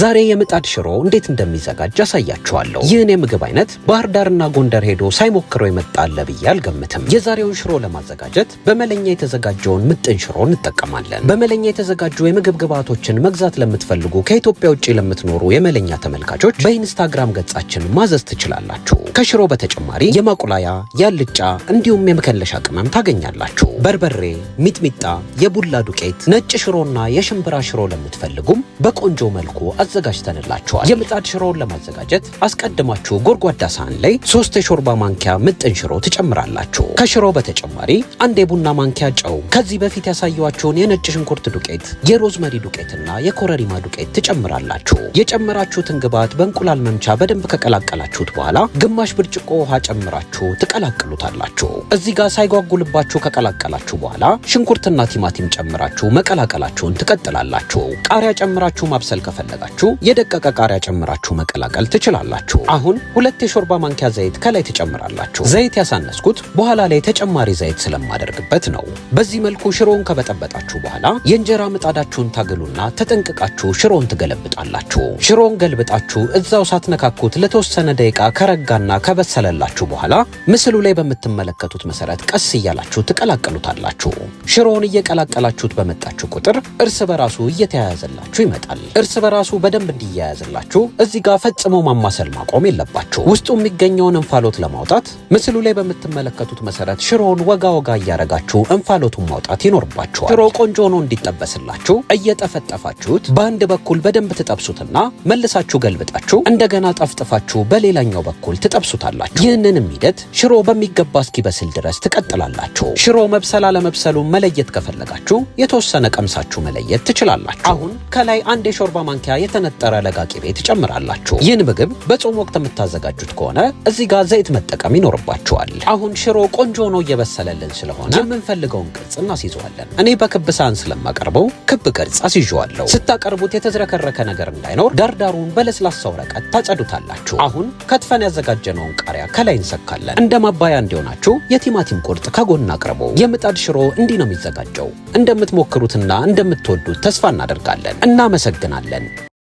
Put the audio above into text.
ዛሬ የምጣድ ሽሮ እንዴት እንደሚዘጋጅ አሳያችኋለሁ። ይህን የምግብ አይነት ባህር ዳርና ጎንደር ሄዶ ሳይሞክረው የመጣለ ብዬ አልገምትም። የዛሬውን ሽሮ ለማዘጋጀት በመለኛ የተዘጋጀውን ምጥን ሽሮ እንጠቀማለን። በመለኛ የተዘጋጁ የምግብ ግብዓቶችን መግዛት ለምትፈልጉ ከኢትዮጵያ ውጭ ለምትኖሩ የመለኛ ተመልካቾች በኢንስታግራም ገጻችን ማዘዝ ትችላላችሁ። ከሽሮ በተጨማሪ የማቁላያ ያልጫ፣ እንዲሁም የመከለሻ ቅመም ታገኛላችሁ። በርበሬ፣ ሚጥሚጣ፣ የቡላ ዱቄት፣ ነጭ ሽሮና የሽምብራ ሽሮ ለምትፈልጉም በቆንጆ መልኩ አዘጋጅተንላችኋል። የምጣድ ሽሮውን ለማዘጋጀት አስቀድማችሁ ጎድጓዳ ሳህን ላይ ሶስት የሾርባ ማንኪያ ምጥን ሽሮ ትጨምራላችሁ። ከሽሮ በተጨማሪ አንድ የቡና ማንኪያ ጨው፣ ከዚህ በፊት ያሳየኋችሁን የነጭ ሽንኩርት ዱቄት፣ የሮዝመሪ ዱቄትና የኮረሪማ ዱቄት ትጨምራላችሁ። የጨመራችሁትን ግብዓት በእንቁላል መምቻ በደንብ ከቀላቀላችሁት በኋላ ግማሽ ብርጭቆ ውሃ ጨምራችሁ ትቀላቅሉታላችሁ። እዚህ ጋር ሳይጓጉልባችሁ ከቀላቀላችሁ በኋላ ሽንኩርትና ቲማቲም ጨምራችሁ መቀላቀላችሁን ትቀጥላላችሁ። ቃሪያ ጨምራችሁ ማብሰል ከፈለጋችሁ ከፈለጋችሁ የደቀቀ ቃሪያ ጨምራችሁ መቀላቀል ትችላላችሁ። አሁን ሁለት የሾርባ ማንኪያ ዘይት ከላይ ትጨምራላችሁ። ዘይት ያሳነስኩት በኋላ ላይ ተጨማሪ ዘይት ስለማደርግበት ነው። በዚህ መልኩ ሽሮውን ከበጠበጣችሁ በኋላ የእንጀራ ምጣዳችሁን ታግሉና ተጠንቅቃችሁ ሽሮውን ትገለብጣላችሁ። ሽሮውን ገልብጣችሁ እዛው ሳትነካኩት ለተወሰነ ደቂቃ ከረጋና ከበሰለላችሁ በኋላ ምስሉ ላይ በምትመለከቱት መሰረት ቀስ እያላችሁ ትቀላቀሉታላችሁ። ሽሮውን እየቀላቀላችሁት በመጣችሁ ቁጥር እርስ በራሱ እየተያያዘላችሁ ይመጣል። እርስ በራሱ በደንብ እንዲያያዝላችሁ እዚህ ጋር ፈጽሞ ማማሰል ማቆም የለባችሁ። ውስጡ የሚገኘውን እንፋሎት ለማውጣት ምስሉ ላይ በምትመለከቱት መሰረት ሽሮውን ወጋ ወጋ እያረጋችሁ እንፋሎቱን ማውጣት ይኖርባችኋል። ሽሮ ቆንጆ ሆኖ እንዲጠበስላችሁ እየጠፈጠፋችሁት በአንድ በኩል በደንብ ትጠብሱትና መልሳችሁ ገልብጣችሁ እንደገና ጠፍጥፋችሁ በሌላኛው በኩል ትጠብሱታላችሁ። ይህንንም ሂደት ሽሮ በሚገባ እስኪበስል ድረስ ትቀጥላላችሁ። ሽሮ መብሰል አለመብሰሉን መለየት ከፈለጋችሁ የተወሰነ ቀምሳችሁ መለየት ትችላላችሁ። አሁን ከላይ አንድ የሾርባ ማንኪያ የተነጠረ ለጋቂ ቤት ትጨምራላችሁ። ይህን ምግብ በጾም ወቅት የምታዘጋጁት ከሆነ እዚህ ጋር ዘይት መጠቀም ይኖርባችኋል። አሁን ሽሮ ቆንጆ ሆኖ እየበሰለልን ስለሆነ የምንፈልገውን ቅርጽ እናስይዘዋለን። እኔ በክብ ሳህን ስለማቀርበው ክብ ቅርጽ አስይዤዋለሁ። ስታቀርቡት የተዝረከረከ ነገር እንዳይኖር ዳርዳሩን በለስላሳ ወረቀት ታጸዱታላችሁ። አሁን ከትፈን ያዘጋጀነውን ቃሪያ ከላይ እንሰካለን። እንደ ማባያ እንዲሆናችሁ የቲማቲም ቁርጥ ከጎን አቅርቡ። የምጣድ ሽሮ እንዲህ ነው የሚዘጋጀው። እንደምትሞክሩትና እንደምትወዱት ተስፋ እናደርጋለን። እናመሰግናለን።